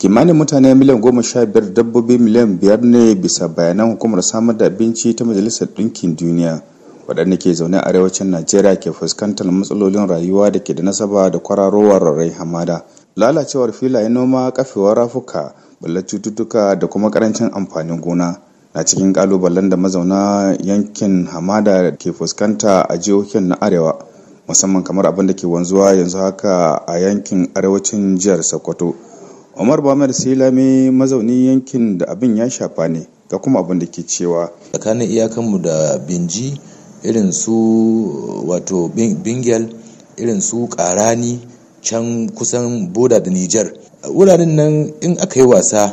kimanin mutane miliyan goma sha biyar dabbobi miliyan biyar ne bisa bayanan hukumar samar da abinci ta majalisar ɗinkin duniya waɗanda ke zaune a arewacin najeriya ke fuskantar matsalolin rayuwa da ke da nasaba da kwararowar rarrai hamada lalacewar filayen noma kafewar rafuka ballar cututtuka da kuma karancin amfanin gona na cikin kalubalen da mazauna yankin hamada ke fuskanta a jihohin na arewa musamman kamar abin da ke wanzuwa yanzu haka a yankin arewacin jihar sokoto Umar Bamar silami mazaunin yankin da abin ya shafa ne ga kuma abin da ke cewa tsakanin iyakanmu da Binji irin su wato Bingel irin su Karani can kusan boda da Nijar wuraren nan in aka yi wasa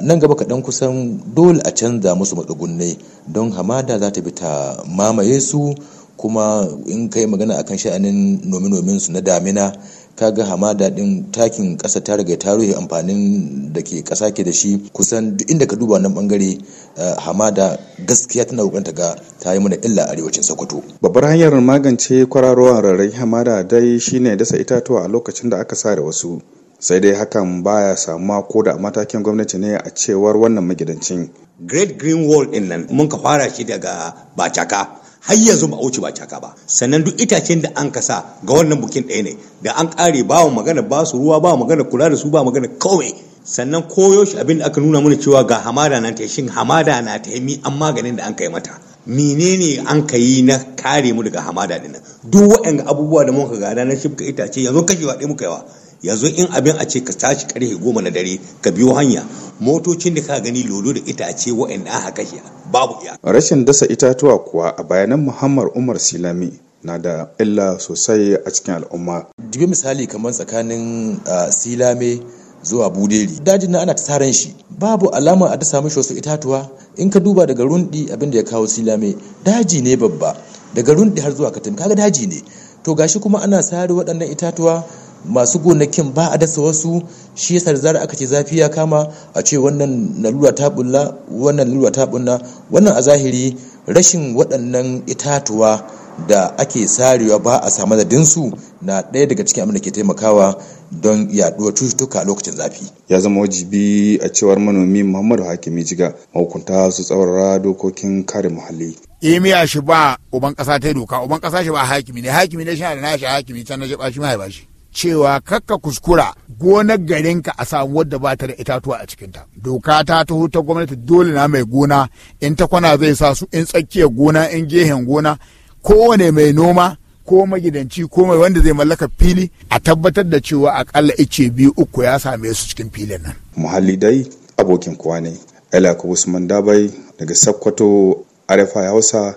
nan gaba kaɗan kusan dole a canza musu matsugunne don hamada za ta bi ta mamaye su kuma in kai magana akan sha'anin nomi-nomin su na damina ka ga hamada din takin ƙasa ta riga ta rufe amfanin da ke ƙasa ke da shi kusan duk inda ka duba nan bangare eh, hamada gaskiya tana kokarin ga ta yi mana illa arewacin Sokoto babbar hanyar magance kwararowar rarrai hamada dai shine dasa itatuwa a lokacin da aka sare wasu sai dai hakan baya samuwa ko da matakin gwamnati ne a cewar wannan magidancin great green wall din nan mun ka fara shi daga bacaka har yanzu ba wuce ba caka ba sannan duk itacen da an kasa ga wannan bukin ɗaya ne da an kare ba magana ba su ruwa ba magana kula da su ba magana kawai sannan koyaushe shi abin da aka nuna mana cewa ga hamada na ta shin hamada na ta yi an maganin da an kai mata menene an ka yi na kare mu daga hamada dinnan duk waɗanda abubuwa da muka gada na shifka itace yanzu kashewa ɗaya muka yawa yanzu in abin a ce ka tashi karfe goma na dare ka biyo hanya motocin da ka gani lolo da itace wa'anda aka kashe babu iya rashin dasa itatuwa kuwa a bayanan muhammad umar silami na da illa sosai a cikin al'umma jibi misali kamar tsakanin silame zuwa buderi dajin na ana ta shi babu alama a dasa mishi wasu itatuwa in ka duba daga rundi abin da ya kawo silame daji ne babba daga rundi har zuwa katin kaga daji ne to gashi kuma ana sare waɗannan itatuwa masu gonakin ba a dasa wasu shi yasa da zarar aka ce zafi ya kama a ce wannan lalura ta bulla wannan lalura ta bulla wannan a zahiri rashin waɗannan itatuwa da ake sarewa ba a samu da dinsu na ɗaya daga cikin abin da ke taimakawa don yaɗuwar cututtuka a lokacin zafi. Ya zama wajibi a cewar manomi Muhammadu Hakimi Jiga mahukunta su tsawarra dokokin kare muhalli. Imiya eh, shi ba uban ƙasa ta doka uban ƙasa shi ba hakimi ne hakimi ne shi da shi hakimi can na shi ba shi ma ba shi. cewa kakka kuskura gonar garinka a samu wadda ba ta da itatuwa a cikinta doka ta taho ta gwamnati dole na mai gona in ta kwana zai sa su in tsakiyar gona in gehen gona kowane mai noma ko magidanci ko mai wanda zai mallaka fili a tabbatar da cewa akalla ice biyu uku ya same su cikin filin nan muhalli dai abokin kuwa ne Usman Dabai daga Sakkwato Arefa Hausa